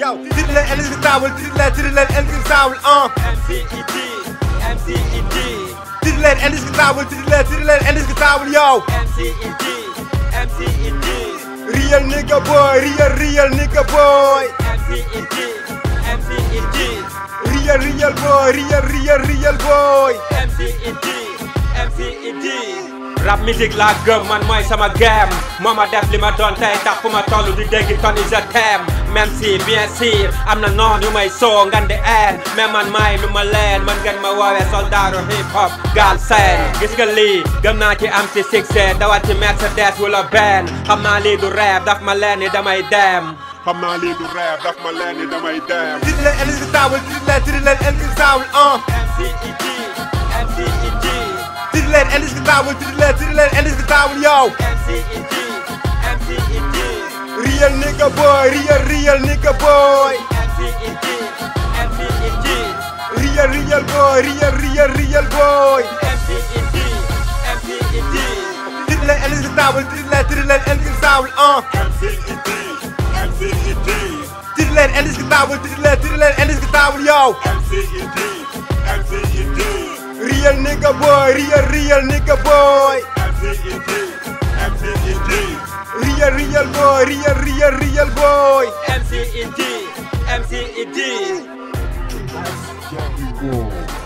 Yo, ترلا القلب تتعول ترلا ترلا القلب تتعول اه MCET MCET ترلا القلب تتعول ترلا ترلا القلب تتعول yo. MCED, MCED, Real nigga boy real real nigga boy MCED, MCED, Real real boy real real real boy MCED, MCED rap music laa gëm man mooy sama game moo ma def li ma doon tey tax fu ma toll di dégg Tony je t'aime même si bien sûr am na noon yu may soo ngan di een mais man maay lu ma leen man ngeen ma woowee soldaaru hip hop gal sen. gis nga lii gëm naa ci am si succès dawal ci Mercedes wala benn xam naa lii du rap daf ma leen ni damay dem xam naa lii du rêve daf ma leen ni damay dem tiri leen indisable tiri leen tiri leen indisable ah en is gedaan, wordt te the en is gedaan met jou. E Real nigga boy, real, real nigga boy. E Real, real boy, real, real, real boy. MCET, dit en is gedaan, wordt dit the en is gedaan, uh. MCET, MCET. en is gedaan, wordt to the en is gedaan met jou. MCET. real nigga boy, real real nigga boy. I'm taking G, I'm taking Real real boy, real real real boy. MCED, MCED. That's Jackie Boy.